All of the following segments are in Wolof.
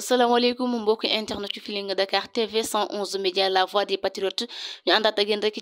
salaamaaleykum mbokk internet yu Feeling Dakar TV 111 média la voix des patriotes ñu àndaat ak yéen rek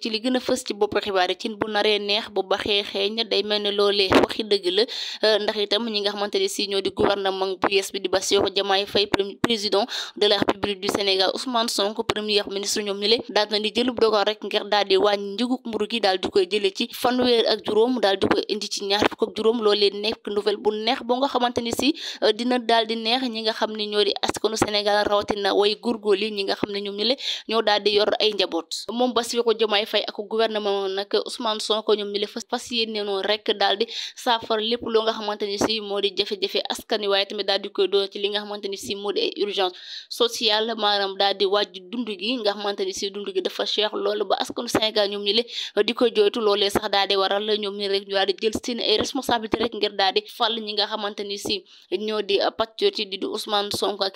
bopp xibaar yi ci bu naree neex bu baxee xeeñ day dëgg la euh, ndax itam ñi nga xamante ne si ñoo di gouvernement bu yees bi di Bassirou Diomaye Faye président de la République du Sénégal Ousmane Sonko premier ministre ñoom ñu le daal na di jëlub dogal rek ngir daal di wàññi njëgu mburu gi daal di koy jëlee ci fanweer ak juróom daal di koy indi ci ñaar fukk ak juróom loolee nekk nouvelle bu neex boo nga xamante ni si euh, dina daal di neex ñi nga xam ne ñoo di askanu Sénégal rawatina way góorgóorlu yi ñi nga xam ne ñoom ñu le ñoo daal di yor ay njaboot moom Bassirou Diomaye Faye ak gouvernement nag Ousmane Sonko ñoom ñu le fas fas yéene noonu rek daal di saafara lépp loo nga xamante ni si moo di jafe-jafe askan wi waaye tamit daal di koy doon ci li nga xamante ni si moo di ay urgence sociale maanaam daal di wàjj dund gi nga xamante ni si dund gi dafa cher loolu ba askanu Sénégal ñoom ñu le di ko jooytu loolee sax daal di waral ñoom ñu rek ñu daal di jël seen ay responsabilité rek ngir daal di fàll ñi nga xamante ni si ñoo di patriote yi di Ousmane Sonko ak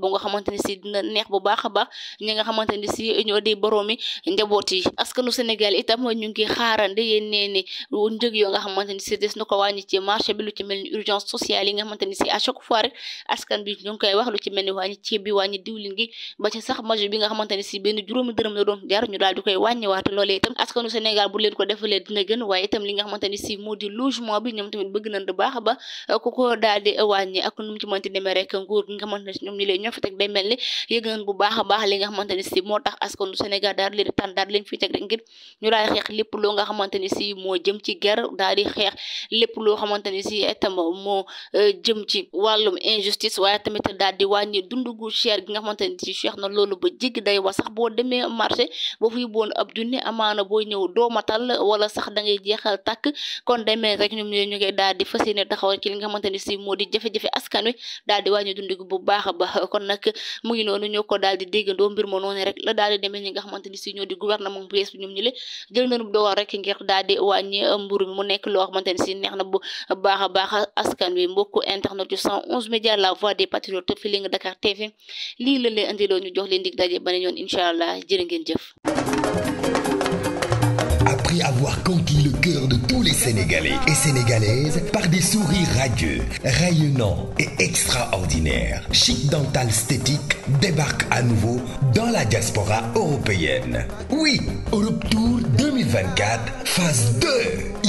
bu nga xamante ni si dina neex bu baax a ba nga xamante si benn juróomi bi ñoom tamit bëgg nañ ba ku daal di wàññi ak nu mu ci mënti demee nguur nga xamante ni ñoom ñi leen ñoo fi teg day mel ni yëg nañ bu baax a baax li nga xamante ni si moo tax lépp loo nga xamante ni si moo jëm ci guerre daal di xeex lépp loo xamante ni si itam moo euh, jëm ci wàllum injustice waaye tamit daal di wàññi dund gu cher gi nga xamante ni si cher na loolu ba jéggi day wax sax boo demee marché boo fi boon ab junni amaana booy ñëw doomatal wala sax da jeexal tàkk kon day rek ñoom ñoo daal di fas yéene taxaw ci li nga xamante ni si moo di jafe askan wi daal di wàññi dund gu bu baax baax kon nag mu ngi noonu ñoo ko daal di déggandoo mbir moo noonu rek la daal di demee ñi nga xamante ni si ñoo di gouvernement bu bees bi ñoom ñu le jël nañu dogal rek ngir daal di wàññi mburu mu nekk loo xamante ni si neex na bu baax a baax askan wi mbokku internet yu 111 média la voix des patriotes Feeling Dakar TV lii la leen andiloo ñu jox leen dig daje ba ne ñoon incha allah jërë ngeen jëf après avoir conquis le cœur de tous les Sénégalais et Sénégalaises par des sourires radieux, rayonnants et extraordinaires. Chic Dental Stétique débarque à nouveau dans la diaspora européenne. Oui, Europe Tour 2024 phase 2.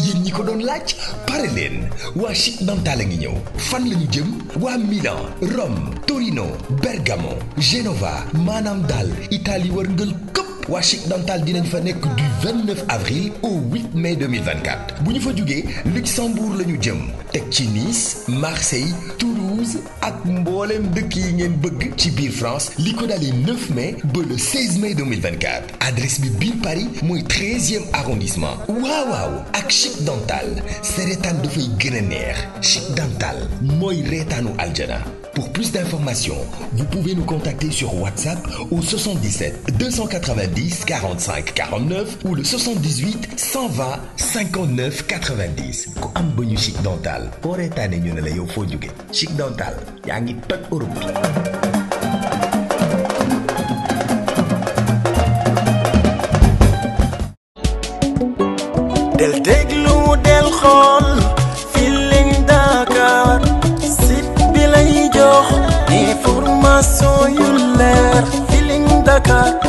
yéen ñi ko doon laaj pare leen waa Chic Dental a ngi ñëw fan la ñu jëm waa Milan Rome Torino Bergamo Genova maanaam Italie wërngël waa Chic Dental dinañ fa nekk du 29 avril au 8 mai bu ñu fa jugee Luxembourg la ñu jëm teg ci Nice Marseille Toulouse ak mbooleem dëkk yi ngeen bëgg ci biir France li ko dalee 9 mai ba le 16 mai 2024 adresse bi biir Paris mooy 13e arrondissement waaw waaw ak Chic Dental sa reetaan dafay gën a neex Chic Dental mooy reetaanu aljana pour plus d'informations vous pouvez nous contacter sur WhatsApp au 90 45 49 ou le 78 120 59 90 foo jóge chic dental del déglu del xool Feeling Dakar site jox information yu leer Feeling Dakar